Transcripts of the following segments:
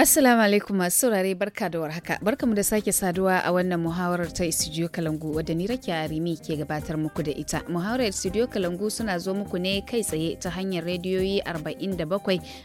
Assalamu alaikum masu saurare barka da warhaka. barka mu da sake saduwa a wannan muhawarar ta Studio Kalangu wadda ni a Arimi ke gabatar muku da ita. Muhawarar Studio Kalangu suna zo muku ne kai tsaye ta hanyar rediyoyi 47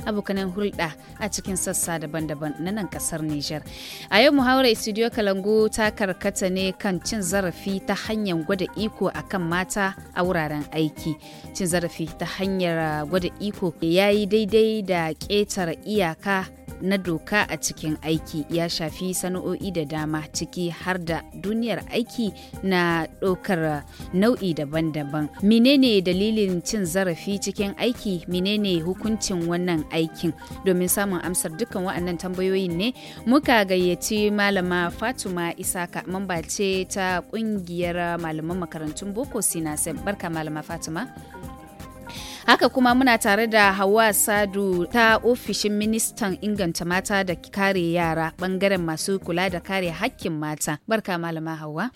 abokanan hulɗa a cikin sassa daban-daban na nan kasar Nijar. A yau muhawarar Studio Kalangu ta karkata ne kan cin zarafi ta hanyar gwada iko akan mata a wuraren aiki. Cin zarafi ta hanyar uh, gwada iko yayi daidai da ƙetare iyaka na doka a cikin aiki ya shafi sana'o'i da dama ciki har da duniyar aiki na ɗaukar nau'i daban-daban. Menene dalilin cin zarafi cikin aiki? Menene hukuncin wannan aikin? Domin samun amsar dukkan waɗannan tambayoyin ne muka gayyaci malama fatima Isaka mamba ce ta ƙungiyar malaman makarantun Boko Sinasem. Barka malama fatima. Haka kuma muna tare da Hawa Sadu ta ofishin ministan inganta mata da kare yara bangaren masu kula da kare hakkin mata. Barka malama Hawa.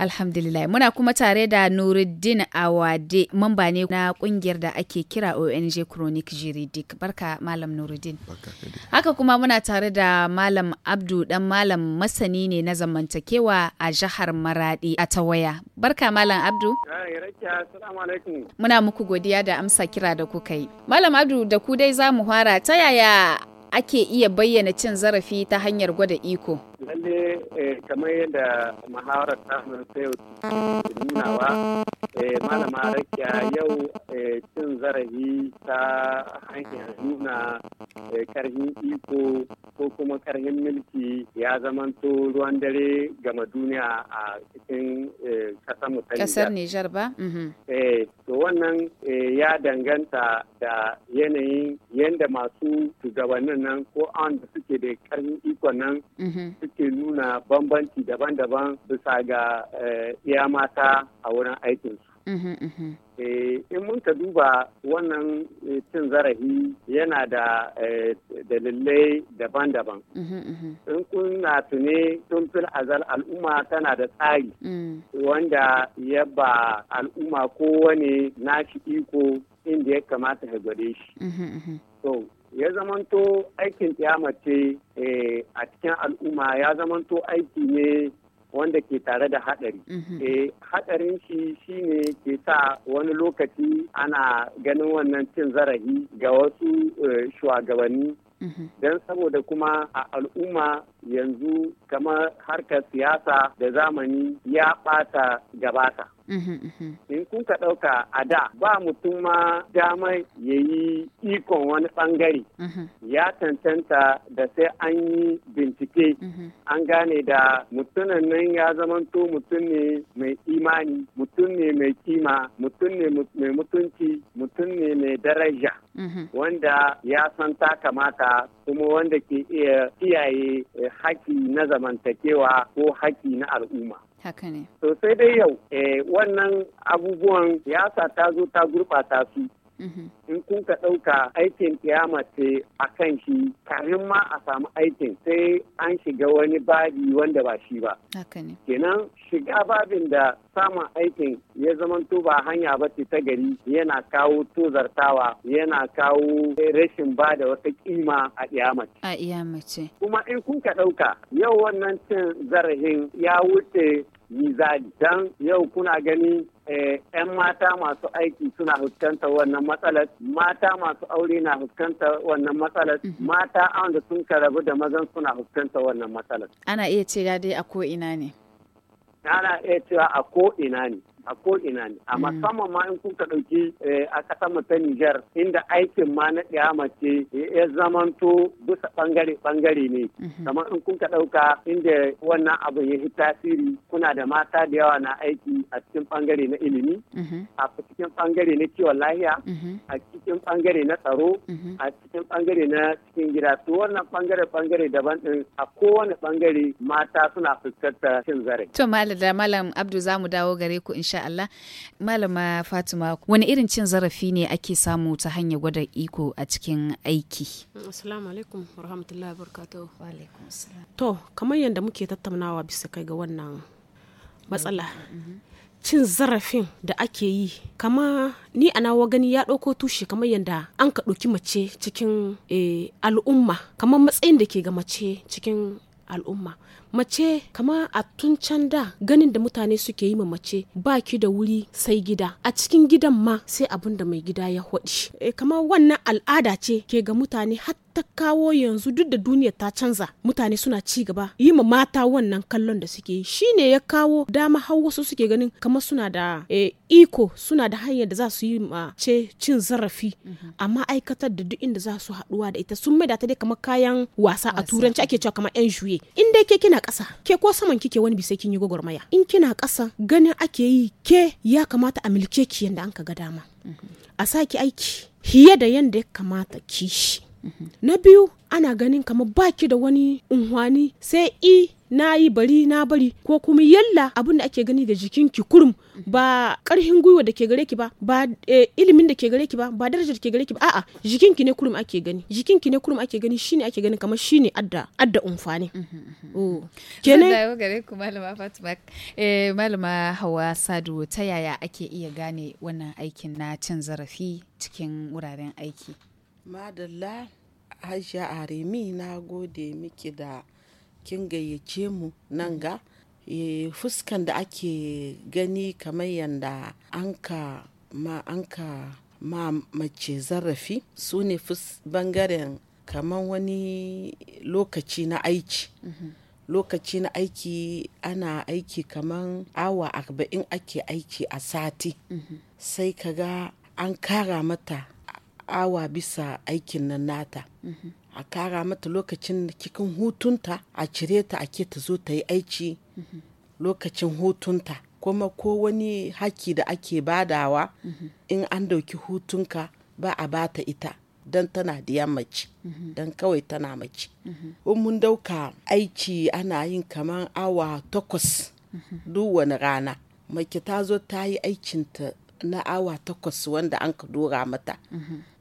Alhamdulillah. Muna kuma tare da Nuruddin Awade mamba ne na kungiyar da ake kira ONG Chronic Juridic. Barka malam Nuruddin. Haka kuma muna tare da malam Abdu dan malam masani ne na zamantakewa a jihar Maradi a Tawaya. Barka malam Abdu. Muna muku muku godiya da amsa kira da kuka yi. Malam Adu da ku dai za mu fara ta yaya ake iya bayyana cin zarafi ta hanyar gwada iko. Lalle eh, kamar yadda maharar samun sayo nunawa eh, malama rakiya yau eh, cin zarafi ta hanyar nuna karhin iko ko kuma karhin mulki ya zamanto ruwan dare gama duniya a cikin kasar mu Kasar Nijar ba? Mm-hmm. To wannan ya danganta da yanayin yadda masu shugabannin nan ko an da suke da karnin ikon nan mhm. suke nuna bambanci daban-daban bisa ga eh, iya mata a wurin aikinsu. Mhm, mhm. Eh, in mun ka duba wannan eh, cin zarafi yana da dalilai daban-daban in kuna tune tun fil azal al'umma tana da tsari mm. wanda ya ba al'umma kowane nashi iko inda ya kamata ya gwade shi ya zamanto aikin mace eh, a cikin al'umma ya zamanto aiki ne wanda ke tare da haɗari. Mhm. Eh, haɗarin shi ne ke sa wani lokaci ana ganin wannan cin zarafi ga wasu eh, shugabanni mhm. don saboda kuma a al'umma yanzu kamar harkar siyasa da zamani ya ɓata gabata. Mhm, mhm. In kun ka ɗauka a da ba mutum ma dama ya yi ikon wani ɓangare mhm. ya cancanta da sai an yi bincike an gane da mutumin nan ya zamanto mutum ne mai imani mutum ne mai kima mutum ne mai mutunci mutum ne mai daraja wanda ya san ta kamata kuma wanda ke iya kiyaye eh, haƙƙi na zamantakewa ko haƙƙi na al'umma. Haka ne. So dai yau eh, wannan abubuwan yasa ta zo ta gurɓata su Mm-hmm. in kun ka ɗauka aikin kiyama ce a kan shi kafin ma a samu aikin sai an shiga wani babi wanda ba shi ba kenan shiga babin da samun aikin ya zamanto ba hanya ba ce ta gari yana kawo tozartawa yana kawo rashin ba da wata kima a iyamace. A iyamace. Kuma in kun ka ɗauka yau wannan cin zarafin ya wuce mizali dan yau kuna gani 'yan eh, mata masu aiki suna huskantar wannan matsalar mata masu aure na huskantar wannan matsalar mhm. mata an da sun karabu da mazan suna huskantar wannan matsalar ana iya cewa dai a ko ina ne ana iya cewa a ko ina ne a ko ina ne a musamman ma in kuka ɗauki eh, a ƙasar mu ta Nijar inda aikin ma na ɗiyama ce ya zamanto bisa ɓangare ɓangare ne mhm. kamar in kuka ɗauka inda wannan abu ya yi tasiri kuna da mata da yawa na aiki a cikin ɓangare na ilimi mhm. a cikin ɓangare na kiwon lahiya mhm. a cikin ɓangare na tsaro a cikin ɓangare na cikin gida to wannan ɓangare ɓangare daban ɗin a kowane ɓangare mata suna fuskantar cin zarafi. To malam Abdu zamu mu dawo gare ku insha insha Allah malama Fatima wani irin cin zarafi ne ake samu ta hanyar gwada iko a cikin aiki assalamu alaikum warahmatullahi wabarakatuh wa alaikum to kamar yadda muke tattaunawa bisa kai ga wannan matsala mm-hmm. cin zarafin da ake yi kama ni a nawa gani ya ɗauko tushe kamar yadda an ka ɗauki mace cikin eh, al'umma kamar matsayin da ke ga mace cikin al'umma mace kama a tun can da ganin da mutane suke yi ma mace baki da wuri sai gida a cikin gidan ma sai abin da mai gida ya hwaɗi e, kama wannan al'ada ce ke ga mutane har ta kawo yanzu duk da duniya ta canza mutane suna ci gaba yi ma mata wannan kallon da suke yi shine ya kawo dama har wasu suke ganin kamar suna da e, iko suna da hanyar da za su yi ma ce cin zarafi mhm. amma aikatar da duk inda za su haɗuwa da ita sun maida ta dai kamar kayan wasa a turanci ake cewa kamar yan juye in dai ke kina ƙasa ke ko saman kike wani bisa kin yi gwagwarmaya in kina ƙasa ganin ake yi ke ya kamata a milke ki yanda an ka ga dama mhm. a sa ki aiki hiye da yanda ya kamata ki shi na biyu ana ganin kamar baki da wani unhwani sai i na yi bari na bari ko kuma yalla abin da ake gani da jikin ki kurum ba karhin gwiwa da ke gare ki ba ba eh, ilimin da ke gare ki ba ba daraja da ke gare ki ba a'a jikin ki ne kurum ake gani jikin ki ne kurum ake gani shine ake gani kamar shine adda adda umfani mm-hmm, mm-hmm, mm-hmm. oh. kenan da gare ku malama Fatima eh malama Hawa Sadu ta yaya ake iya gane wannan aikin na cin zarafi cikin wuraren aiki Madalla Hajiya Aremi na gode miki da kin gayyace mu nan ga. Eh, fuskan da ake gani kamar yadda an ka ma an ka ma mace zarafi su ne bangaren kamar wani lokaci na aiki. Mhm. Lokaci na aiki ana aiki kamar awa arba'in ake aiki a sati. Mhm. Sai kaga an kara mata awa bisa aikin nan nata a kara mata lokacin kikin hutunta a cire ta ake ta zo ta yi aiki lokacin hutunta kuma ko wani haki da ake badawa in an dauki hutunka ba a bata ita don tana da yammaci don kawai tana mace in mun dauka aiki ana yin kamar awa takwas duk wani rana mace ta zo ta yi aikinta na awa takwas wanda an ka dora mata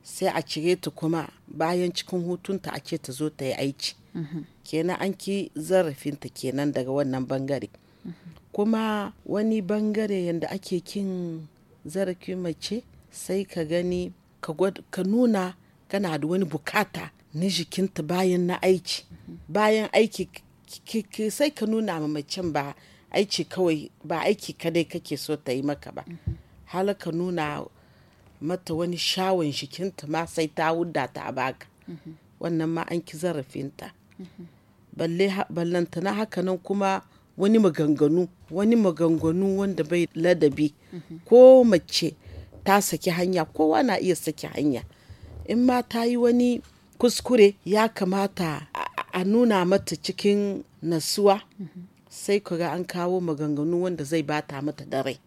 sai a cire ta kuma bayan cikin hutunta a ce ta zo ta yi aiki kenan an ki zarafinta kenan daga wannan bangare kuma wani bangare yadda ake kin zarafin mace sai ka gani ka nuna kana da wani bukata na jikinta bayan na aiki bayan aiki sai ka nuna ma macen ba aiki kawai ba aiki kadai kake so ta yi maka ba halaka nuna mata wani shawon shikinta ma sai ta wuda ta baka wannan ma an ki zarafinta ballantana haka nan kuma wani maganganu wani maganganu wanda bai ladabi ko mace ta saki hanya kowa na iya saki hanya in ma ta yi wani kuskure ya kamata a nuna mata cikin nasuwa sai kaga an kawo maganganu wanda zai bata mata da rai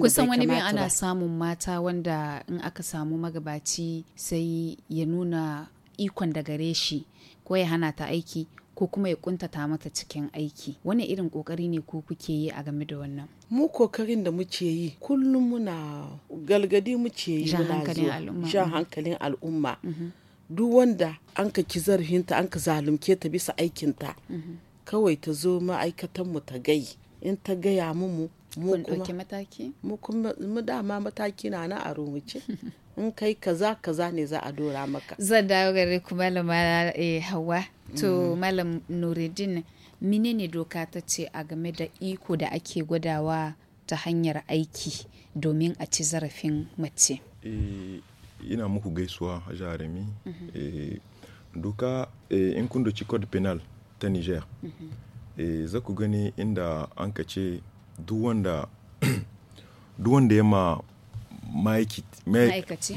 kusan wani bin ana samun mata wanda in aka samu magabaci sai ya nuna ikon da gare shi ko ya hana ta aiki ko kuma ya kuntata mata cikin aiki wani irin kokari ne ko kuke yi a game da wannan mu kokarin da muke yi kullum muna galgadi muke yi jan hankalin al'umma mm-hmm. duk wanda an ka ki zarfinta an ka zalunce ta bisa aikinta mm-hmm. kawai ta zo ma'aikatanmu ta gai in ta gaya mu ɗauki mataki mu dama mataki na na a rumuce in kai kaza kaza ne za a dora maka zan dawo gare ku malama eh, hawa to mm. malam nuruddin ne doka ta ce a game da iko da ake gwadawa ta hanyar aiki domin a ci zarafin mace eh, ina muku gaisuwa a jarumi mhm. eh, doka in kun doci code penal ta niger mhm. za ku gani inda an ka ce Duanda wanda duk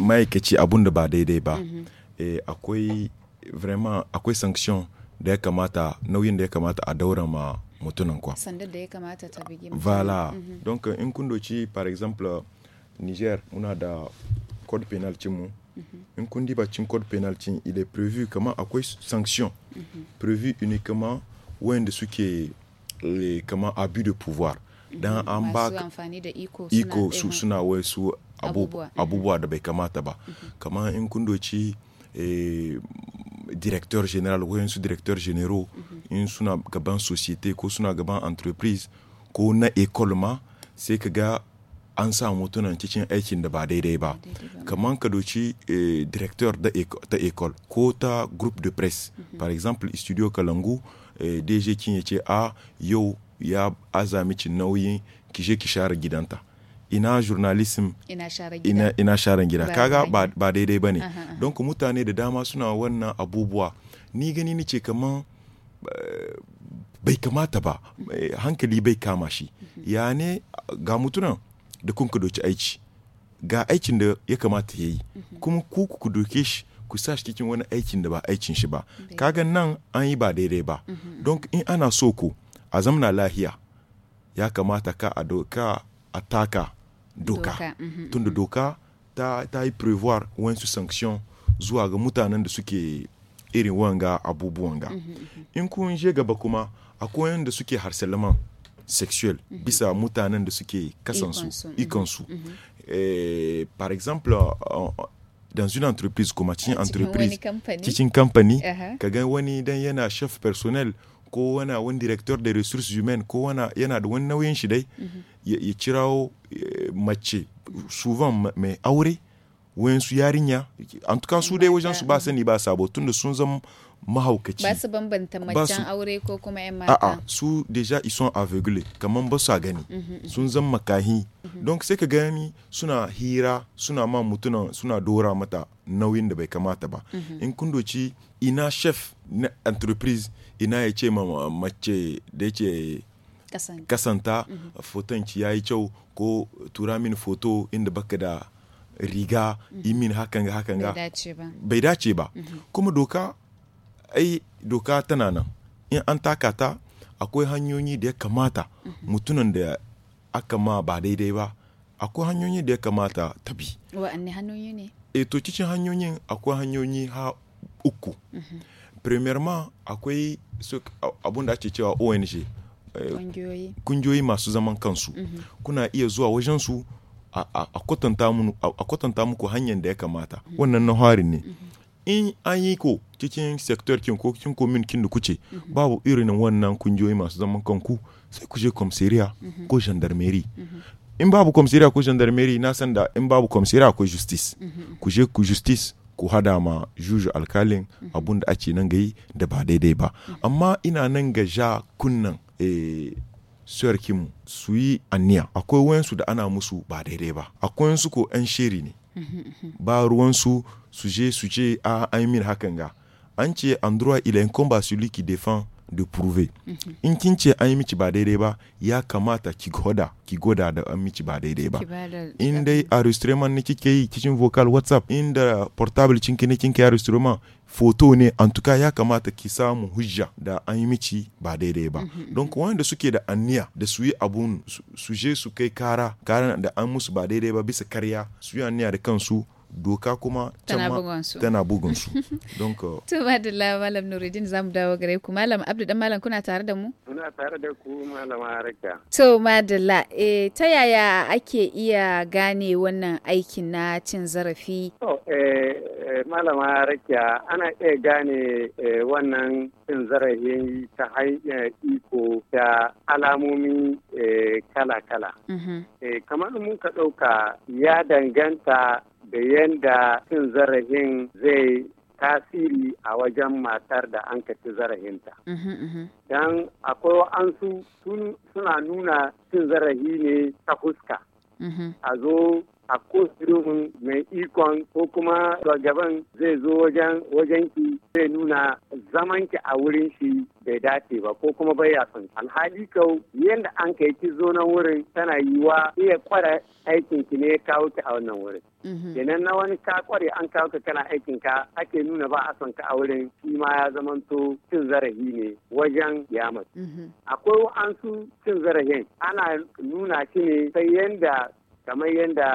wanda ba daidai ba mhm. eh, akwai vraiment akwai sanction da a daura ma mutunan kwa vala mhm. donc un par exemple niger a da code pénal mhm. Un code penal il est prévu kama akwai sanction ou un de uniquement qui les comment abus de pouvoir dan an ba iko su suna wai mm-hmm. abubuwa da bai kamata ba mm-hmm. kamar in kun doci eh, directeur general su directeur general mm-hmm. in suna gaban societe ko suna gaban entreprise ko na ecole ma sai ka ga an sa mutunan cikin aikin da ba daidai ba kamar ka doci eh, directeur ta ecole ko ta groupe de presse par exemple studio kalangu eh, dg kin ya ce a ah, yau ya azami ci nauyin ki ki share gidanta ina journalism ina share gida, kaga ba daidai ba ne don ku mutane da dama suna wannan abubuwa ni gani ni ce kaman eh, bai kamata ba eh, hankali bai kama shi mhm. ya ne ga mutunan da kun doki aici ga aikin da ya kamata ya yi mhm. kuma ku ku doke shi ku sa shi cikin wani aikin da ba aikin shi ba kaga nan an yi ba daidai ba mhm. don in ana so ku a zamna lahiya ya kamata ka a doka a taka doka mhm, tunda mhm. doka ta, ta yi prevoir wasu sanction zuwa ga mutanen da suke irin wanga abubuwan ga mhm, in kun je gaba kuma akwai wanda suke harceleman sexuel bisa mutanen da suke kasansu ikonsu eh, par exemple uh, uh, dans une entreprise kuma ah, cikin entreprise cikin kamfani uh-huh. ka ga wani dan yana chef personnel ko wana wani director da resources human ko wana yana da wani nauyin shi dai ya cirawo eh, mace suvan mai aure su yarinya an tuka su dai wajen su ba sani ba sabo tun da sun zama mahaukaci ba su bambanta macen aure ko kuma yan mata a'a su deja ils sont aveugles kaman ba a gani mm-hmm, mm-hmm. sun zama makahi mm-hmm. don sai ka gani suna hira suna ma mutuna suna dora mata nauyin da bai kamata ba in kun doci ina chef na entreprise ina ya ce ma mace da yake kasanta mhm. foton ci ya yi kyau ko tura min foto inda baka da riga imin mhm. hakan ga hakan ga bai dace ba mhm. kuma doka ai doka tana nan in an taka ta akwai hanyoyi da ya kamata mutunan da aka ma ba daidai ba akwai hanyoyi da ya kamata ta bi wa'anne hanyoyi ne eto eh, cikin hanyoyin akwai hanyoyi ha uku premièrement akwai abun da ake cewa ong eh, kungiyoyi masu zaman kansu mhm. kuna iya zuwa wajen su a kwatanta muku hanyar da ya kamata mhm. wannan na harin ne mhm. in an yi ko cikin sektor kin ko cikin komin kin da kuce babu irin wannan kungiyoyi masu zaman kanku sai ku je komseriya ko gendarmerie in babu komseriya ko gendarmerie na san da in babu komseriya ko justice ku je ku justice ku hada ma juju alkalin abun da ake nan gayi da ba daidai ba amma ina nan ga ja kunnan eh, suwar kimu su yi anniya akwai wayansu da ana musu ba daidai ba akwai wayansu ko 'yan shiri ne ba ruwansu su suje su ce a an min hakan ga an ce android il incombe à celui defan. da mhm. in kin ce an yi miki ba daidai ba ya kamata ki goda ki goda da an miki ba daidai ba in dai a ne kike yi kicin vocal whatsapp in da portable cinki ne kinki a foto ne an tuka ya kamata ki samu hujja da an yi mici ba daidai ba Don -hmm. Mhm. don wanda suke da anniya da su yi abun su je su kai kara kara da an musu ba daidai ba bisa karya su yi anniya da kansu doka kuma tana bugun su don ka to madalla malam nuruddin zamu dawo gare ku malam abdu dan malam kuna tare da mu kuna tare da ku malam harka to madalla eh ta yaya ake iya gane wannan aikin na cin zarafi to eh, eh malam harka ana iya gane eh, wannan cin zarafi ta hanyar iko ta alamomi eh, kala-kala mm-hmm. kamar mun ka ɗauka ya danganta da yadda cin zarafin zai tasiri a wajen matar da an ci zarafinta. Don akwai an su suna nuna cin zarafi ne ta fuska. A zo a ko kotu mai ikon ko kuma shugaban zai zo wajen wajen ki zai nuna zaman ki a wurin shi bai dace ba ko kuma bai yasun alhali kau yadda an kai ki zo nan wurin tana yiwa iya kwara aikin ki ne kawo ki a wannan wurin mhm. kenan na wani ka kware an kawo ka kana aikin ka ake nuna ba a son ka a wurin shi ma ya zamanto cin zarafi ne wajen yamas mhm. akwai wa'ansu cin zarafin ana nuna shi ne sai yadda. kamar yadda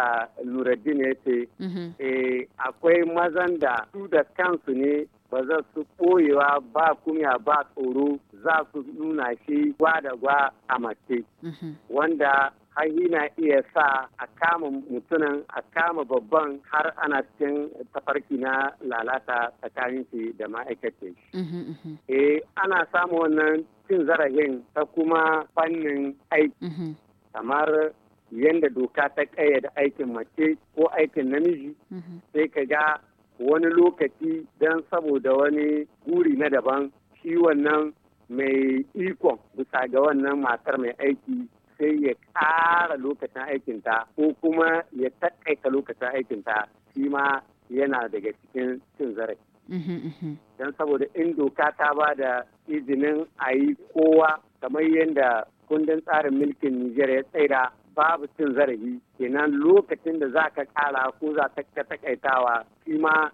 nuruddin ya ce mhm. eh, akwai mazan da su da kansu ne ba za su ɓoyewa ba kunya ba tsoro za su nuna shi gwa da gwa a mace mhm. wanda hanyi na iya sa a kama mutunan a kama babban har ana cikin tafarki na lalata tsakanin shi da ma'aikacin shi. Mhm, eh ana samun wannan cin zarafin ta kuma fannin aiki kamar yadda doka ta da aikin mace ko aikin namiji mhm. sai ka ga wani lokaci don saboda wani guri na daban shi wannan mai ikon bisa ga wannan matar mai aiki sai ya ƙara lokacin aikinta ko kuma ya taƙaita lokacin aikinta shi ma yana daga cikin cin zarafi. Mhm, mhm. Don saboda in doka ta ba da izinin a yi kowa kamar yadda kundin tsarin mulkin Nijar ya tsaida babu cin zarafi kenan lokacin da za ka kara ko za ka takaitawa shi ma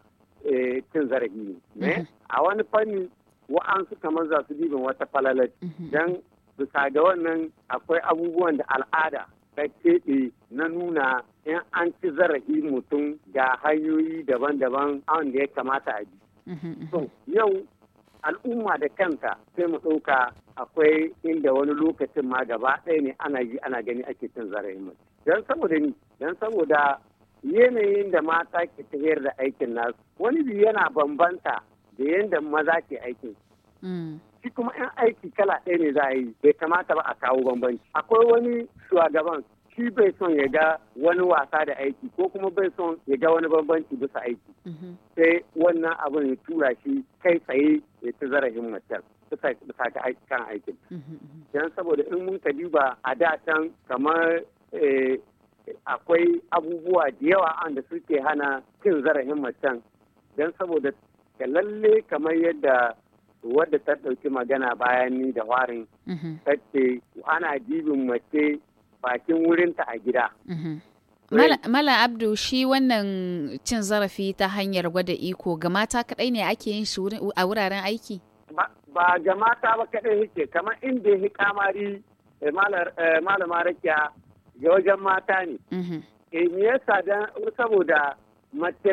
eh, cin zarafi ne mm-hmm. a wani fanni wa'ansu kamar za su diban wata falalar mm-hmm. don bisa ga wannan akwai abubuwan da al'ada ta keɓe na nuna in an ci zarafi mutum ga hanyoyi daban-daban wanda ya kamata a bi. Mm-hmm, yau al'umma da kanta sai mu ɗauka akwai inda wani lokacin ma gaba ɗaya ne ana yi ana gani ake cin zarafin mace don saboda ni don saboda yanayin da mata ke tafiyar da aikin nasu wani biyu yana bambanta da yadda maza ke aikin mm. shi kuma yan aiki kala ɗaya ne za a yi bai kamata ba a kawo bambanci akwai wani shugaban shi bai son ya ga wani wasa da aiki ko kuma bai son ya ga wani bambanci bisa aiki mhm. sai wannan abin ya tura shi kai tsaye ya ci zarafin macen bisa kan aikin mhm, mhm. don saboda in mun ka duba a da can kamar eh, akwai abubuwa da yawa an da suke hana cin zarafin macen don saboda ka lalle kamar yadda wadda ta ɗauki magana bayan ni da warin ta ce ana dibin mace bakin wurinta a gida. Mhm. Mala Abdu shi wannan cin zarafi ta hanyar gwada iko ga mata kaɗai ne ake yin shi a wuraren aiki? Ba ga mata ba kaɗai yake kamar inda ya kamari eh, eh, malama rakiya ga wajen mata ne. E me yasa saboda mace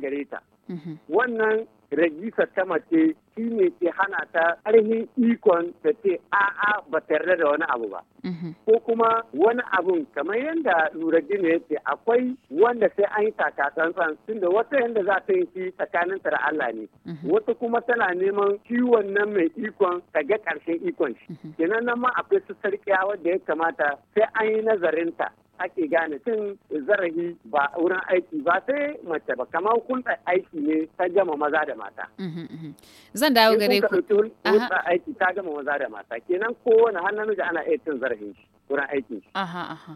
gare ta. Mhm. Wannan rajistar ta mace shi ne ke hana ta ƙarfin ikon ta ce a'a ba ta yarda da wani abu ba. Mhm. Ko kuma wani abun kamar yadda Nuruddin ya ce akwai wanda sai an yi takatsantsan tunda wata yadda za ta yi shi tsakanin ta da Allah ne. Mhm. Wata kuma tana neman kiwon nan mai ikon ta ga ƙarshen ikon shi. Mhm. Kenan nan ma akwai su sarƙiya wadda ya kamata sai an yi nazarin ta. ake gane cin zarafi ba wurin aiki ba sai mace ba kamar hulɗar aiki ne ta gama maza da mata. Mhm, mhm. Zan dawo gare ku. Hulɗar aiki ta gama maza da mata kenan kowane har namiji ana iya cin zarafin wurin aiki. Aha aha.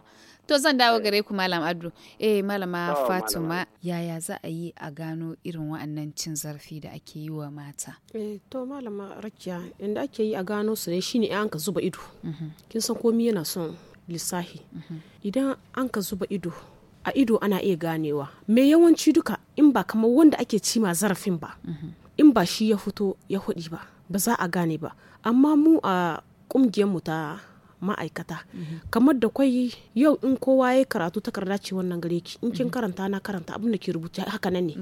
To zan dawo eh. gare ku Malam Abdu. Eh Malama Fatima yaya za a yi a gano irin wa'annan cin zarafi da ake yi wa mata? Eh to Malama Rakiya inda ake yi a gano su ne shine an ka zuba ido. Mhm. Kin san komai yana son lissahi idan an ka zuba ido a ido ana iya ganewa me yawanci duka in ba kamar wanda ake cima zarafin ba in ba shi ya fito ya hudi ba ba za a gane ba amma mu a mu ta ma'aikata mhm. kamar da kwai yau in kowa ya karatu takarda ce wannan gare ki in kin mhm. karanta na karanta abin da ke rubuta haka nan ne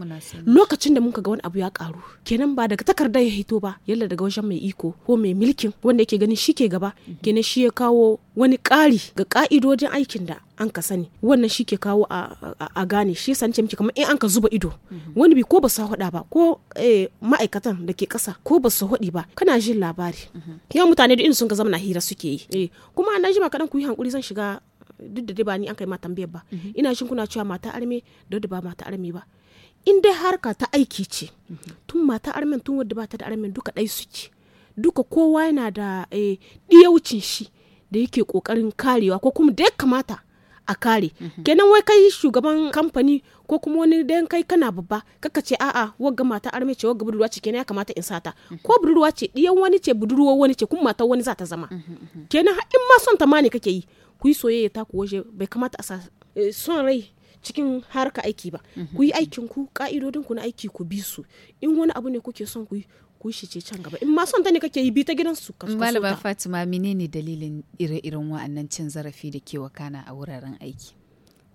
lokacin da muka ga wani abu ya karu kenan ba daga takarda ya hito ba yalla daga wajen mai iko ko mai milkin wanda yake ganin shi ke gaba mhm. kenan shi ya kawo wani ƙari ga ka'idojin aikin da an ka sani wannan shi ke kawo a gane shi yasa nace miki kamar in an ka zuba ido wani bi ko ba su hada ba ko eh, ma'aikatan da ke kasa. ko ba su hadi ba kana jin labari yau mutane da in sun ka zama na hira suke yi eh, kuma na jima kaɗan ku yi hankuri zan shiga duk da ba ni an kai ma tambayar ba ina jin kuna cewa mata arme da ba mata arme ba in dai harka ta aiki ce tun mata armen tun wadda ba ta da armen duka ɗai suke duka kowa yana da eh, ɗiyaucin shi da yake kokarin karewa ko kuma da ya kamata a kare mhm. kenan wai kai shugaban kamfani ko kuma wani dan kai kana babba kaka ce a'a wagga mata arme ce wagga budurwa ce kenan ya kamata in sata mhm. ko budurwa ce diyan wani ce budurwa wani ce kuma mata wani za ta zama mhm, kenan in ma son ta mani ne kake yi ku yi soyayya ta ku waje bai kamata a sa eh, son rai cikin harka aiki ba ku yi aikin ku ka'idodin ku na aiki ku bi su in wani abu ne kuke son ku yi ku ce can gaba in ma son ta ne kake yi bi ta gidansu kasu ta fatima menene dalilin ire-iren wa'annan cin zarafi da ke wakana a wuraren aiki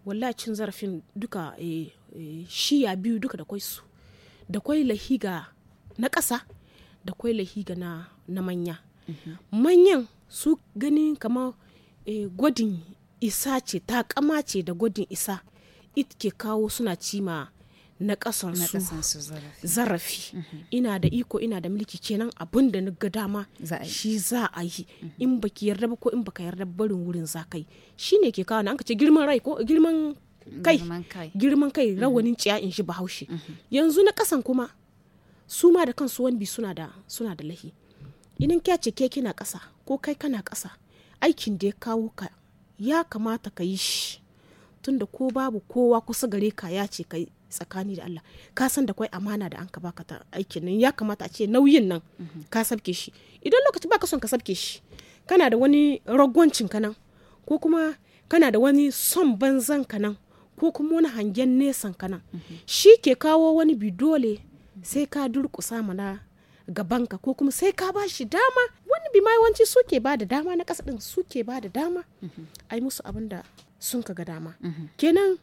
wallahi cin zarafin duka e, e, shiya biyu duka da kwai su da kwai lahiga na ƙasa da kwai lahiga na, manya mhm. manyan su gani kama e, eh, gwadin isa ce ta kama ce da gwadin isa it ke kawo suna cima na ƙasan su zarafi mhm. ina da iko ina da mulki kenan abin da ga dama shi za a yi mhm. in baki yarda ba ko in baka yarda barin wurin za kai ne ke kawo na an ka ce girman rai ko girman kai girman kai mhm. rawanin ciya in shi bahaushe yanzu na ƙasan kuma su ma da kansu wani suna da suna da lahi idan ka ce ke kina ƙasa ko kai kana ƙasa aikin da ya kawo ka ya kamata ka yi shi tunda ko babu kowa kusa gare ka ya ce tsakani da Allah ka san da kwai amana da an ka baka ta aikin nan ya kamata a ce nauyin nan ka sabke shi idan lokaci baka son ka sabke shi kana da wani ragwancin ka nan ko kuma kana da wani son banzan ka nan ko kuma wani hangen nesan ka nan shi ke kawo wani bidole sai ka durƙusa mana gabanka ko kuma sai ka bashi shi dama wani bi yawanci suke ba da dama na kasa ɗin suke ba da dama ai musu abin da sun ka ga dama kenan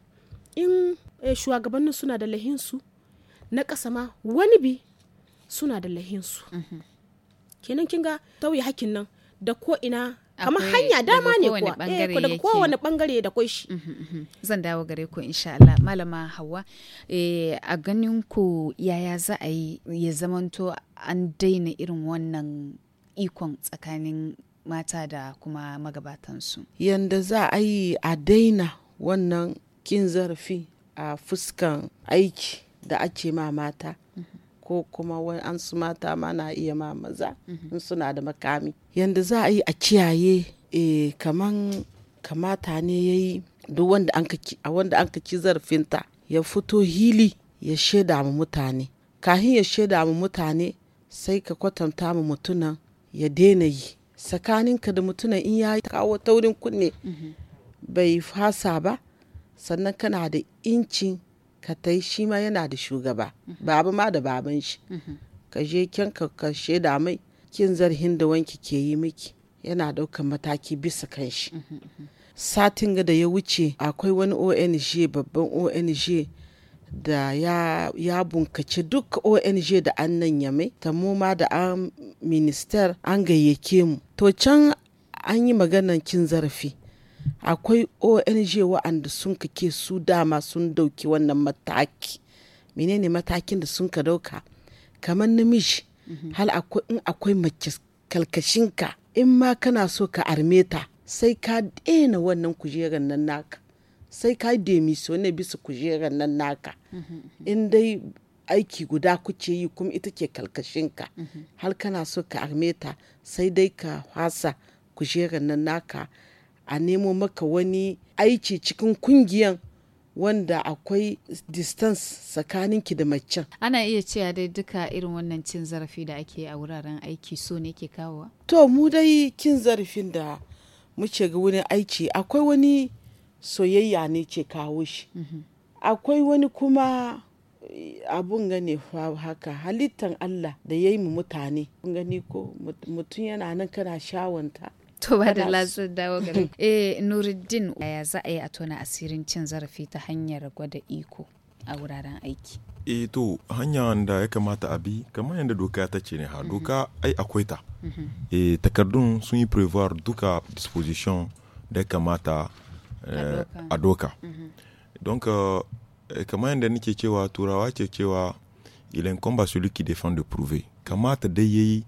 in eh, shugabannin suna da lahinsu na ƙasa ma wani bi suna da lahinsu mhm. kenan kin ga tauye hakin nan da ko ina kama hanya dama ne kuwa eh, daga kowane bangare da kwai shi mhm, mhm. zan dawo gare ku insha Allah malama Hauwa eh, a ganin ku yaya za a yi ya zamanto an daina irin wannan ikon tsakanin mata da kuma magabatansu yanda za a yi a daina wannan kin zarafi a fuskan aiki da ake ma mata ko kuma an su mata ma na iya ma maza in suna da makami yanda za a yi a kiyaye e, kaman kamata ne ya yi duk wanda an a ci zarafinta ya fito hili ya shaida mu mutane kahin ya shaida mu mutane sai ka kwatanta mu mutunan ya daina yi tsakaninka da mutunan in ya kawo taurin kunne bai fasa ba sannan kana da incin ka tai shi ma yana da shugaba baba ma da baban shi ka je kyan ka da mai kin zarhin da wanki ke yi miki yana ɗaukan mataki bisa kan shi satin ga da ya wuce akwai wani ong babban ong da ya, bunkaci duk ong da an nan ya mai. ta ma da an minister an gayyake mu to can an yi maganan kin zarafi akwai ong wa'anda sun kake su dama sun dauki wannan mataki menene matakin da sun ka dauka kamar namiji mhm. hal akwai in akwai mace kalkashinka in ma kana so ka arme ta sai ka dena wannan kujerar nan naka sai ka demiso ne bisa kujerar nan naka mhm. in dai aiki guda kuce yi kuma ita ke kalkashinka mhm. hal kana so ka arme ta sai dai ka hasa kujerar nan naka a nemo maka wani aiki cikin kungiyan wanda akwai distance tsakaninki da macen. Ana iya cewa dai duka irin wannan cin zarafi da ake a wuraren aiki so ne ke kawo. To mu dai cin zarafin da muke ga wani aiki akwai wani soyayya ne ke kawo shi. Mm-hmm. Akwai wani kuma abun gane haka halittan Allah da ya yi mu mutane. Gani ko mutum yana nan kana shawanta to ba da lasu dawo gare eh nuruddin ya za a yi a tona asirin cin zarafi ta hanyar gwada iko a wuraren aiki e to hanya da ya kamata a bi kamar yadda doka ta ce ne ha mhm. doka ai akwai ta e takardun sun yi prevoir duka disposition da ya kamata a eh, doka mhm. don ka kamar yadda nake cewa turawa ke cewa il kwamba su celui qui défend de prouver kamata dai yayi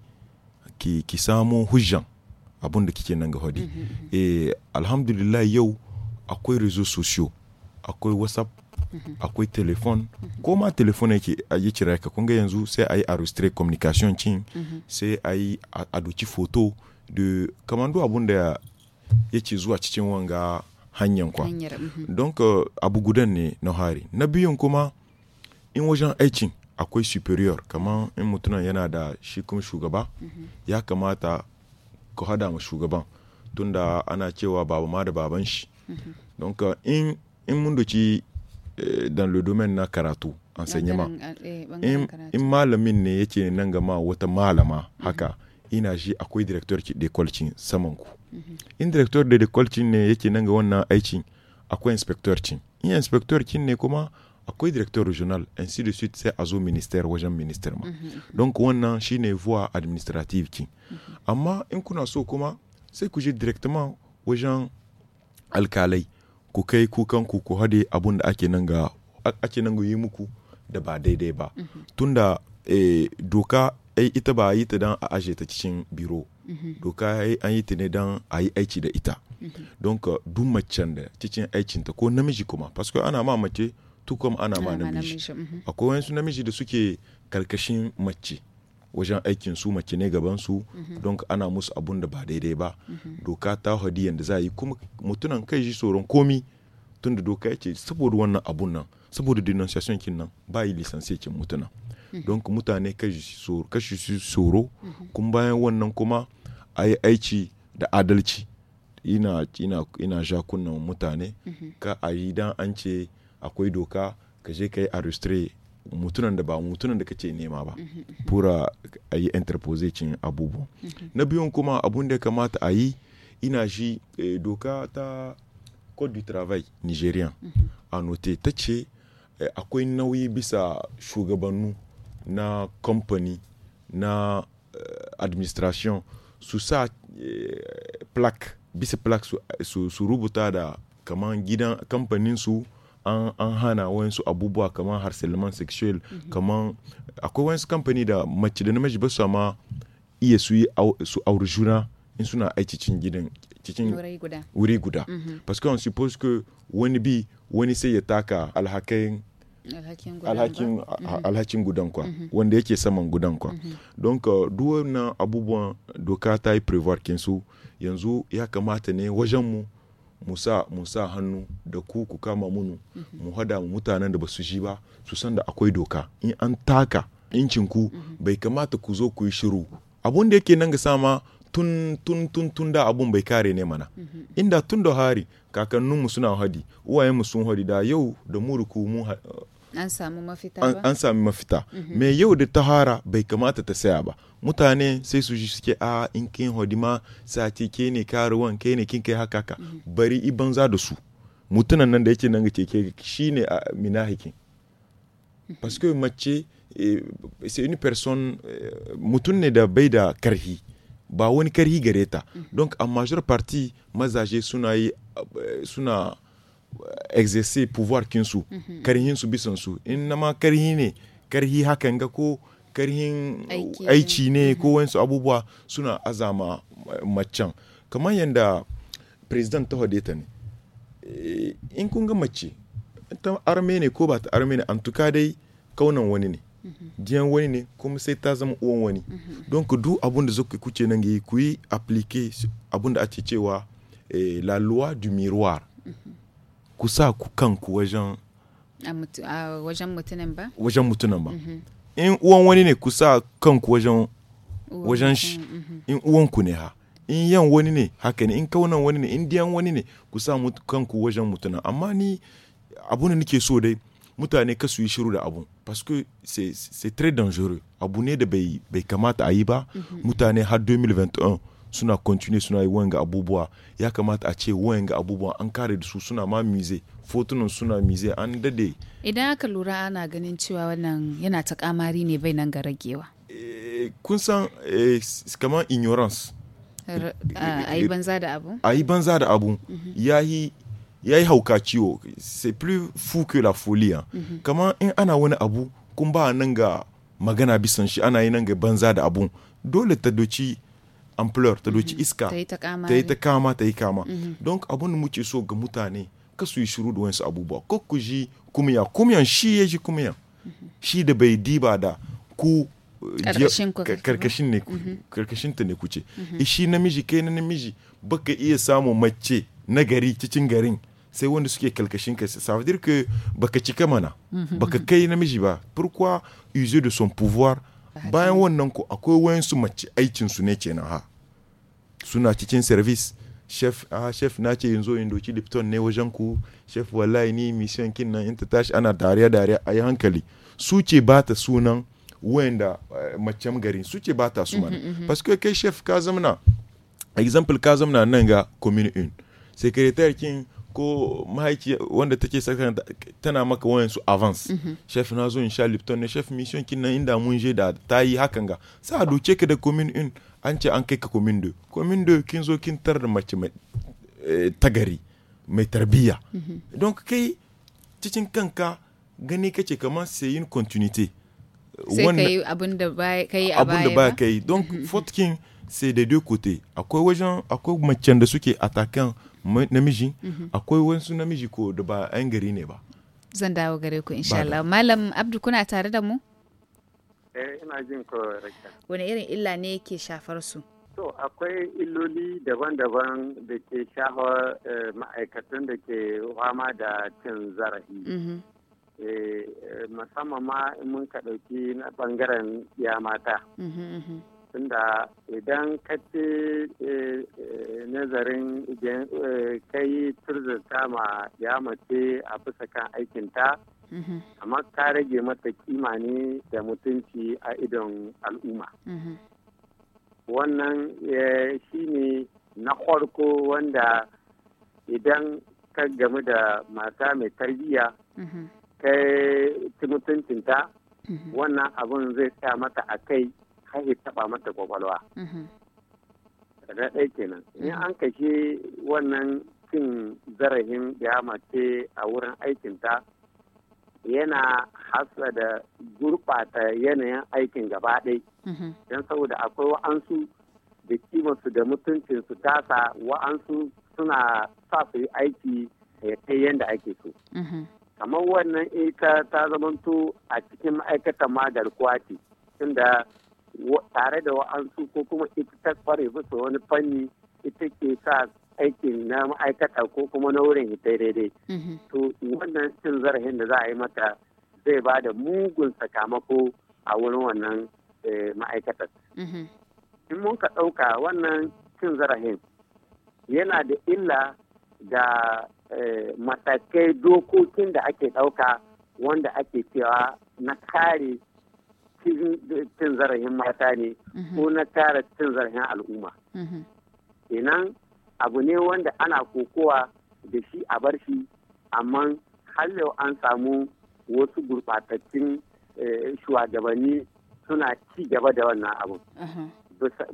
ki, ki samo hujjan abun da kike nan ga hadi mhm, mhm. eh alhamdulillah yau akwai rezo sosiyo akwai whatsapp mhm. akwai telefon ko ma telefon yake a yi cira ka kunga yanzu sai a yi arustre communication cin sai a yi a doki foto da kamando abun da yake zuwa cikin wanga hanyar kwa don ka euh, abu gudan ne na hari na biyun kuma in wajen aikin akwai superior kamar in mutunan yana da shi kuma shugaba ya kamata ka hada ma shugaban tunda ana cewa baba ma da baban shi don ka in mun doki eh, dan ludumen na karatu ma eh, in malamin ne yake nan gama wata malama haka ina shi akwai director de kwalcin samanku mhm. in director de kwalcin ne yake nan ga wannan aikin akwai inspector cin in inspector cin ne kuma akwai directeur régional ainsi de suite sai mhm. a zo minister wajen minister ma donc wannan shine voie administrative qui mhm. ama in kuna so kuma sai ku je directement wajen alkalai ku kai kukanku ku hade abun da ake nan ga ake nan yi muku da ba daidai ba mhm. tunda eh, doka ai e, ita ba yi ta dan a aje ta cikin biro doka an yi ta ne dan a yi e, da ita don ka euh, duk macen da cikin aikinta ko namiji kuma que ana ma mace tukom ana ma namiji mhm. akwai wasu namiji da suke karkashin mace wajen aikin su mace ne gaban su mhm. don ana musu abun da ba daidai ba mhm. doka ta hadi yanda za yi kuma mutunan kai shi tsoron komi tun da doka ya ce saboda wannan abun nan saboda denunciation kin nan ba yi lisansi kin mutuna don mutane kashi su tsoro kun bayan wannan kuma a yi aiki da adalci ina ina ina mutane ka a yi dan an ce akwai doka ka je ka yi mutunan da ba mutunan da kace nema ba pura a yi interpose abubu na biyun kuma abun da kamata a yi ina shi eh, doka ta code du travail nigerian a note ta ce eh, akwai nauyi bisa shugabannu na company na eh, administration su sa plaque bisa plaque su rubuta da kaman gidan kamfanin su an, an hana wayansu abubuwa kamar harcellement sexual mhm. kamar akwai wayansu kamfani da mace da namiji ba su ma iya su yi su auri juna in suna aiki cikin gidan cikin wuri guda mhm. parce que on suppose que wani bi wani sai ya taka alhakin alhakin gudan kwa mhm. wanda yake saman gudan kwa don ka duwannan abubuwan doka ta yi prevoir kinsu yanzu ya kamata ne wajenmu mu sa hannu da ku ku kama munu mu hada mu mutanen da ba su ji ba su san da akwai doka in an taka incin ku bai kamata ku zo ku yi shiru abun da yake nan ga sama tun tun tun tun da abun bai kare ne mana inda tun da hari kakanninmu suna hadi uwayenmu sun hadi da yau da muruku mu an samu mafita ba an sami mafita mhm. me yau da ta hara bai kamata ta saya ba mutane sai su ji suke a ah, in kin hodima sati ke ne karuwan ke ne kin kai haka ka mhm. bari iban za da su mutunan nan da yake nan ke ke shine a minahikin mhm. parce que mace eh, c'est une personne eh, mutun ne da bai da karhi ba wani karhi gare ta donc a major partie mazaje suna yi eh, suna exercer pouvoir kinsu mhm. karihin su bisan su in nama ne karihi haka ga ko karihin aiki ne ko mhm. wasu abubuwa suna azama macen kamar yadda president ta ta ne eh, in kun ga mace ta arme ne ko ba ta arme ne an tuka dai kaunan wani ne mhm. diyan wani ne kuma sai ta zama uwan wani don ku duk abun da zuka kuce nan yi ku yi aplike abun da ake cewa eh, la loi du miroir ku sa ku kanku wajen mutunan ba wajen mutunan ba mhm. in uwan wani ne ku sa kanku wajen wajen shi mhm. in ku ne ha in yan wani ne haka ne in kaunan wani ne in wani ne ku sa kanku wajen mutunan amma ni abu ne nake so dai mutane ka su yi shiru da abu parce que c'est très dangereux abu ne da bai kamata a yi ba mhm. mutane har 2021 suna continue suna yi ga abubuwa ya kamata a ce ga abubuwa an kare da su suna ma mize fotunan suna mize an dade idan aka lura ana ganin cewa wannan yana ta kamari ne bai nan ga ragewa eh, kun san eh, kamar ignorance a yi banza da abu a yi banza da abu mhm. ya yi ya yi hauka ciwo c'est plus fou que la folie mhm. kamar in ana wani abu kun ba nan ga magana bisan shi ana yi nan ga banza da abu dole ta doci ampleur ta doki mm-hmm. iska ta yi ta kama ta kama mm-hmm. don abun da muke so ga mutane ka su yi shiru da wasu abubuwa ko ku ji kumiya kumiya shi ya ji kumiya mm-hmm. shi da bai diba da ku eh, karkashin ne karkashin ta ne kuce eh, shi namiji kai na namiji baka iya samu mace na gari cikin garin sai wanda suke kalkashin ka ça dire baka cika mana baka kai namiji ba pourquoi user de son pouvoir bayan wannan ko akwai wayansu mace aikin su ne kenan ha suna cikin service chef ah chef na ce yanzu in doki lipton ne wajen ku chef wallahi ni mission kin nan in ta tashi ana dariya dariya ayi hankali su ce ba ta sunan wayanda uh, macen garin su ce ba ta su mana mm -hmm, mm parce kai chef ka zamna example ka nan ga commune 1 secrétaire kin ko mahaiki wanda take saka tana maka wayan su avance mhm. chef na zo insha Allah ne chef mission kin nan inda mun je da ta yi hakan ga sai a doke ka da commune in an ce an kai ka commune 2 commune 2 kin zo kin tar da mace mai eh, tagari mai tarbiya. mm don kai cikin kanka gani kace kamar sayin yin continuity sai kai yi abin da baya ka yi a baya abin da baya ka yi fotkin sai da deux côtés akwai wajen akwai macen da suke atakan namiji mhm. akwai wasu namiji ko da ba 'yan gari ne ba zan dawo gare ku insha malam abdu kuna tare da mu eh ina jin ko wani irin illa ne yake shafar su to akwai illoli daban-daban da ke shafar eh, ma'aikatan da ke fama da cin zarafi mhm. eh, eh, musamman ma mun ka ɗauki na ɓangaren ya mata mhm, tunda idan ka ci eh, eh, nazarin eh, kai turzata ma ya mace a bisa kan aikinta mm-hmm. amma ka rage mata kima ne da mutunci a idon al'umma mm-hmm. wannan shi ne na farko wanda idan ka gamu da mata mai tarbiyya mm-hmm. ka ci mutuncinta wannan abun zai sa mata a kai kashe taɓa taba mata kwakwalwa daga mhm. ɗaya kenan in mhm. an kashe wannan cin zarafin ya mace a wurin aikinta yana hasa da gurɓata yanayin aikin gaba ɗai mhm. don saboda akwai wa'ansu da kimansu da mutuncinsu tasa wa'ansu suna sa su yi aiki ya kai yadda ake so kamar wannan ita ta zamanto a cikin ma'aikatan ma garkuwa ce tunda tare da wa'ansu ko kuma ita ta kware bisa wani fanni ita ke sa aikin na ma'aikata ko kuma na wurin ita daidai. Mm-hmm. To wannan cin zarafin da za a yi mata zai ba da mugun sakamako a wurin wannan eh, ma'aikatar. Mm-hmm. In mun ka ɗauka wannan cin zarafin yana da illa da eh, matakai dokokin da ake ɗauka wanda ake cewa na kare cin zarafin mata ne ko na tara cin zarafin al'umma kenan abu ne wanda ana kokowa da shi a bar shi amma har an samu wasu gurɓatattun eh, shugabanni suna ci gaba da wannan abun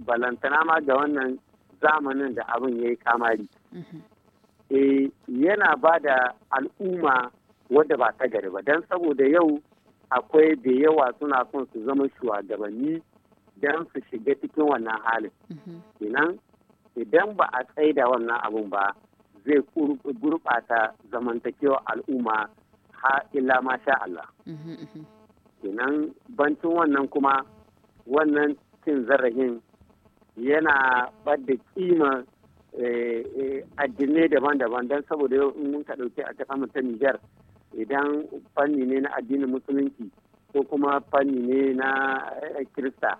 balantana ma da wannan zamanin da abin ya yi kamari eh, yana ba da al'umma wadda ba ta gari ba don saboda yau akwai da yawa suna son su zama shugabanni don su shiga cikin wannan halin mhm. kenan idan ba a tsaida wannan abun ba zai gurɓata zamantakewa al'umma ha illa sha Allah mhm, mhm. kenan bantun wannan kuma wannan cin zarafin yana ɓadda kima eh, eh, addinai daban-daban don saboda yau mun ka ɗauki a ƙasar ta Nijar idan fanni ne na addinin musulunci ko kuma fanni ne na eh, kirista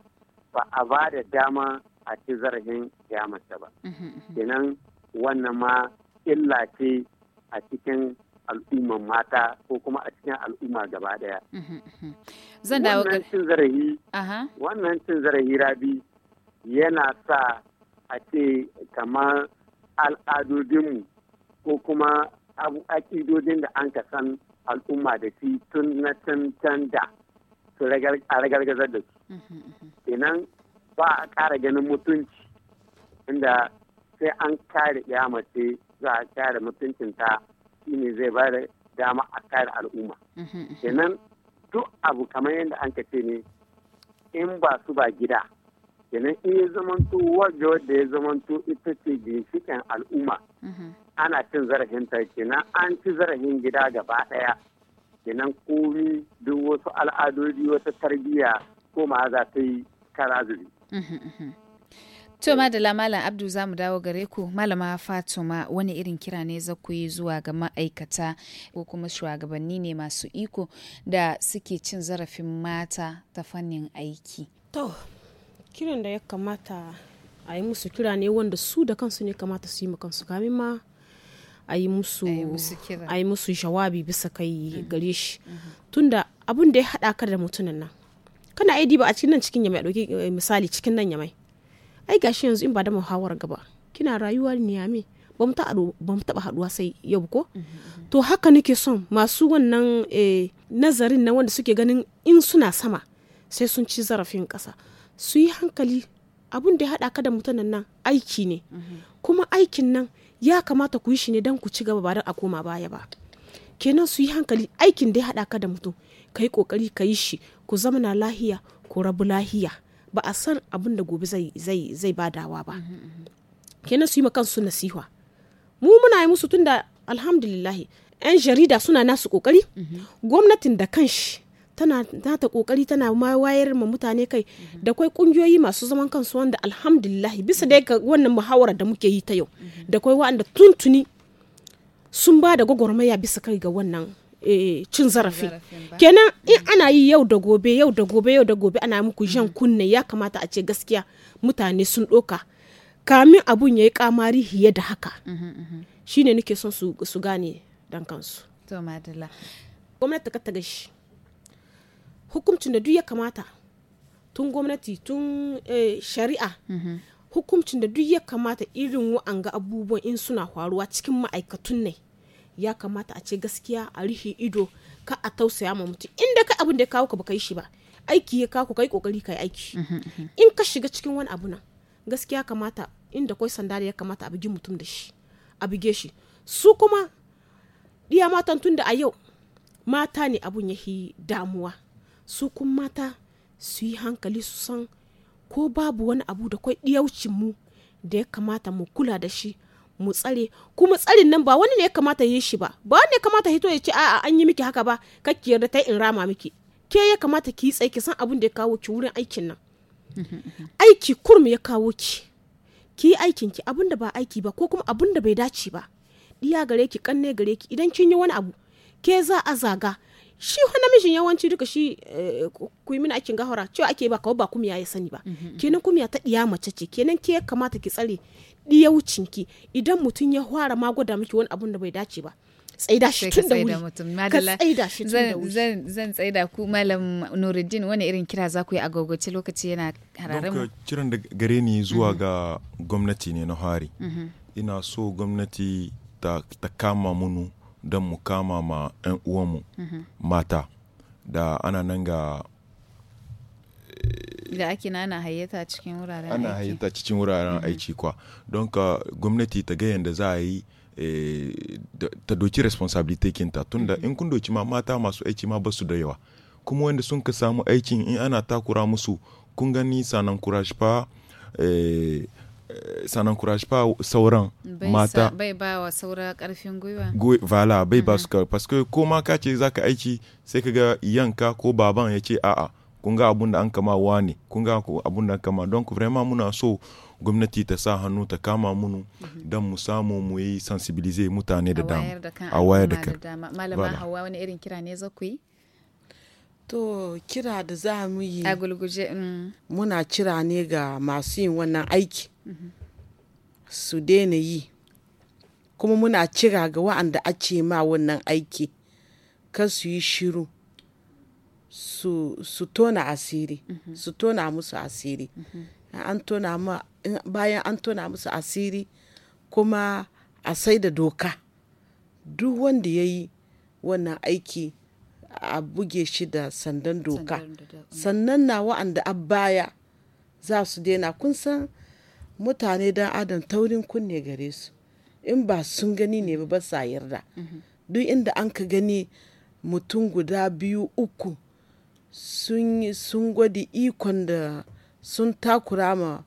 ba a ba da dama a ci zarafin ya ba mhm, mhm. kenan wannan ma illa ce a cikin al'umman mata ko kuma a cikin al'umma gaba daya mhm, wannan cin wannan cin zarafi rabi yana sa a ce kamar al'adodinmu ko kuma akidodin da an ka san al'umma da shi tun na tantan da a ragargazar da su kenan ba a ƙara ganin mutunci inda sai an kare ya mace za a kare mutuncinta shine zai ba da dama a kare al'umma kenan duk abu kamar yadda an ka ce ne in ba su ba gida kenan in ya zamanto wadda wadda ya zamanto ita ce ginshikan al'umma mhm. ana cin zarafin ta kenan an ci zarafin gida gaba daya kenan komi duk wasu al'adodi wata tarbiyya ko ma za ta yi karazuri. Mhm, mhm. To madala Malam Abdu za mu dawo gare ku Malama fatima wani irin kira ne za ku yi zuwa ga ma'aikata ko kuma shugabanni ne masu iko da suke cin zarafin mata ta fannin aiki. kiran da ya kamata a yi musu kira ne wanda su da kansu ne kamata su yi ma kansu kamin ma a yi musu a jawabi bisa kai mhm. gare shi mhm. tunda abin da ya haɗa ka da mutunan nan kana aidi ba a cikin nan cikin yamai ɗauki eh, misali cikin nan yamai ai gashi yanzu in ba da muhawar gaba kina rayuwa niyame ba mu taɓa haɗuwa sai yau ko mhm, to haka nake son masu wannan eh, nazarin na wanda suke ganin in suna sama sai sun ci zarafin ƙasa su yi hankali abun da ya haɗa ka da mutanen nan aiki ne kuma aikin nan ya kamata ku yi shi ne don ku ci gaba ba don a koma baya ba kenan su yi hankali aikin da ya haɗa ka da mutum ka yi ƙoƙari ka yi shi ku zama na lahiya ku rabu lahiya ba a san abin da gobe zai zai dawa badawa ba kenan su yi kansu nasiha mu muna yi musu tun da alhamdulillahi yan jarida suna nasu ƙoƙari mhm. gwamnatin da kanshi tana ta kokari tana ma wayar ma mutane kai da kwai kungiyoyi masu zaman kansu wanda alhamdulillah bisa dai ga wannan muhawara da muke yi ta yau da kwai wa'anda tuntuni sun ba da gwagwarmaya bisa kai ga wannan eh, cin zarafi kenan in ana yi yau da gobe yau da gobe yau da gobe ana muku jan kunne ya kamata a ce gaskiya mutane sun ɗoka kamin abun ya yi kamari hiye da haka shine nake son su gane dan kansu gwamnati ka ta shi. hukuncin da duk ya kamata tun gwamnati tun eh, shari'a mhm. hukuncin da duk ya kamata irin wa'anga abubuwan in suna faruwa cikin ma'aikatun ne ya kamata a ce gaskiya a rihe ido ka a tausaya ma mutum inda ka abin da ya kawo ka baka yi shi ba aiki ya kawo ka yi kokari ka yi aiki mhm, mhm. in ka shiga cikin wani abu nan gaskiya kamata inda kwai sanda da ya kamata a bugi mutum da shi a buge shi su kuma iya matan tun da a yau mata ne abun ya damuwa su kun mata su yi hankali su san ko babu wani abu da kwai ɗiyaucin mu da ya kamata mu kula da shi mu tsare kuma tsarin nan ba wani ne ya kamata yi shi ba ba wani ya kamata hito ya ce a'a an yi miki haka ba ki yarda ta in rama miki ke ya kamata ki yi tsaye ki san abin da ya kawo ki wurin aikin nan aiki kurmi ya kawo ki ki yi aikin ki abin da ba aiki ba ko kuma abin da bai dace ba diya gare ki kanne gare ki idan kin yi wani abu ke za a zaga shi fa namijin yawanci duka shi eh, ku yi mini aikin gahora cewa ake ba kawai ba kumiya ya sani ba mm-hmm. kenan kumiya ta diya mace ce kenan ke kamata ki tsare ki idan mutum ya fara ma gwada miki wani abun da bai dace ba tsaida shi tun da wuri ka tsaida shi tun da zan tsaida ku malam nuruddin wani irin kira za ku yi ce lokaci yana hararin mu kiran da gare ni zuwa mm-hmm. ga gwamnati ne na hari mm-hmm. ina so gwamnati ta kama munu don mu kama ma 'yan uwanmu mata da ana nan ga da eh, ake na ana hayyata cikin wuraren aiki ana hayyata cikin wuraren mhm. aiki kwa don ka gwamnati ta ga yadda za a yi eh, ta doki responsibility kinta tunda mhm. in kun doki ma mata masu aiki ma basu da yawa kuma wanda sun ka samu aikin in ana takura musu kun gani sanan kurashi fa eh, ça eh, n'encourage pas sauran mata bai ba wa saura karfin gwiwa vala bai ba mm. su ka parce ko ma ka ce zaka aiki sai ka ga yanka ko baban ya ce a'a kun ga abun da an kama wa ne kun ga abun da an kama don vraiment muna so gwamnati ta sa hannu ta kama munu mhm. don mu samu mu yi sensibilize mutane da dama a wayar da kan malama hawa wani irin kira ne za ku yi To kira da za mu yi. A gulguje. Mm. Muna kira ne ga masu yin wannan aiki. su daina yi kuma muna cira ga wa'anda ake ma wannan aiki kan su yi shiru su, tona asiri su tona musu asiri bayan an tona musu asiri kuma a sai da doka duk wanda ya yi wannan aiki a buge shi da sandan doka sannan na wa'anda a baya za su daina kun san mutane dan adam taurin kunne gare su in ba sun gani ne ba sa yarda duk inda an ka gani mutum guda biyu uku sun gwadi ikon da sun takura ma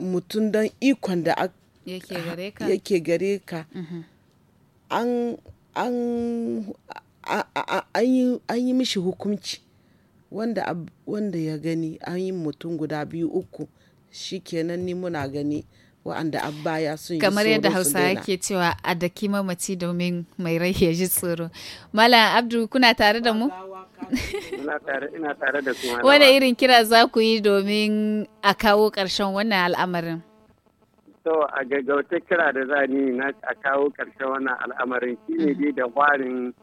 mutum don ikon da yake gare ka an yi mishi hukunci wanda, ya gani an yi mutum guda biyu uku shi kenan ni muna gani wa'anda abbaya sun yi kamar yadda hausa yake cewa a daki mamaci domin mai rai ya ji tsoro malam abdu kuna tare da mu ina tare da su wani irin kira za ku yi domin a kawo ƙarshen wannan al'amarin to a gaggauta kira da za ni na a kawo ƙarshen wannan al'amarin shine mm. dai da kwarin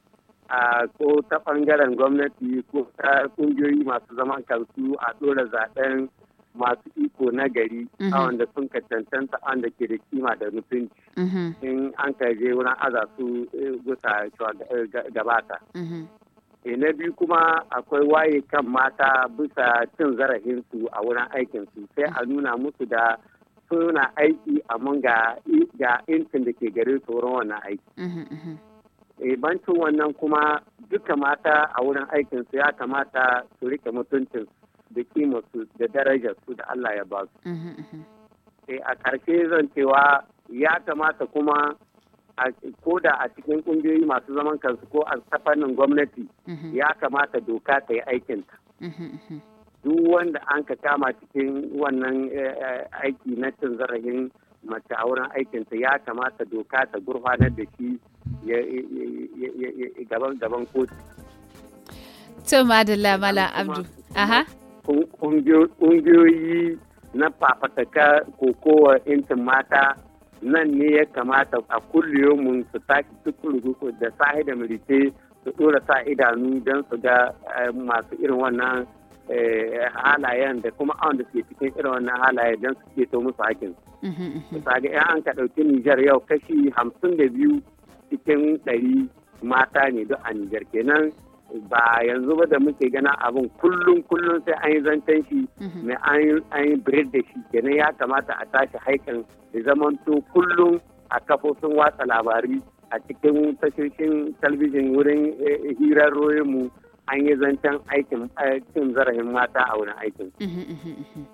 a ko ta ɓangaren gwamnati ko ta ƙungiyoyi masu zaman kansu a ɗora zaɓen. masu iko na gari a mhm. wanda sun ka cancanta da ke da kima da mutunci mhm. in an ka je wurin aza su gusa eh, gabata. Mhm. E, na biyu kuma akwai waye kan mata bisa cin zarafinsu a wurin aikinsu sai a nuna musu da suna aiki amma ga intin da ke gare su wurin wannan aiki. E, bancin wannan kuma duka mata a wurin aikinsu ya kamata su rike mutuncinsu da su da su da Allah ya ba su. Sai uhm, uhm, uhm. eh, a ƙarshe zan cewa ya kamata kuma ko da a cikin ƙungiyoyi masu zaman kansu ko a safanin gwamnati ya kamata doka ta yi aikinta. Duk wanda an ka kama cikin wannan eh, eh, aiki na cin zarafin mace a wurin aikinta ya kamata doka ta gurfanar da shi gaban gaban kotu. Tun madalla Malam Abdu. Aha. ƙungiyoyi na fafataka kokowa 'yancin mata nan ne ya kamata a mun su tashi tukuru da sahi da milite su ɗora sa idanu don su ga eh, masu irin wannan eh, halayen da kuma awon da suke cikin irin wannan halaye don su to musu hakin. ga yan an ka ɗauki Nijar yau kashi hamsin da biyu cikin ɗari mata ne duk a Nijar kenan ba yanzu ba da muke gana abin kullum kullum sai an yi zancen shi mhm. mai an yi birir da shi kenan ya kamata a tashi haikan da zamanto kullum a kafofin watsa labari a cikin tashoshin talbijin wurin eh, hirarroyinmu an yi zancen aikin eh, cin zarafin mata a wurin aikin. Mhm, mhm,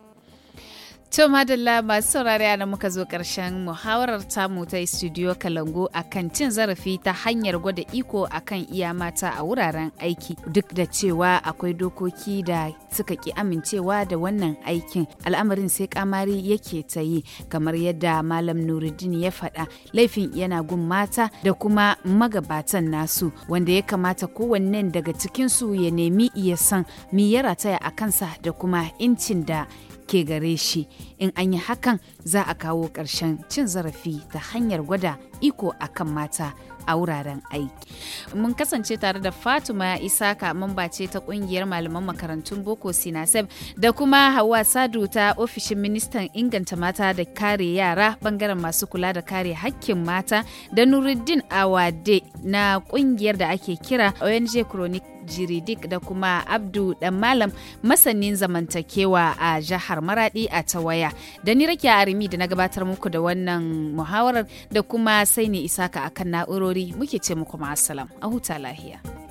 To madalla masu saurari a muka zo ƙarshen muhawarar tamu ta studio Kalango a kan cin zarafi ta hanyar gwada iko a kan iya mata a wuraren aiki duk da cewa akwai dokoki da suka ki amincewa da wannan aikin al'amarin sai kamari yake ta yi kamar yadda malam Nuruddin ya faɗa laifin yana gun mata da kuma magabatan nasu wanda ya kamata kowanne daga cikinsu ya nemi iya san mi ya rataya a kansa da kuma incin da ke gare shi in an yi hakan za a kawo ƙarshen cin zarafi ta hanyar gwada iko akan mata a wuraren aiki. Mun kasance tare da Fatima Isaka mamba ce ta kungiyar malaman makarantun Boko Sinaseb da kuma Hauwa Sadu ta ofishin ministan inganta mata da kare yara bangaren masu kula da kare hakkin mata da Nuruddin Awade na kungiyar da ake kira ONG Chronic jiridik da kuma abdu dan malam masanin zamantakewa a jihar maradi a tawaya da ni rake arimi da na gabatar muku da wannan muhawarar da kuma sai ne isaka akan na'urori muke ce muku ma'asalam a huta lahiya.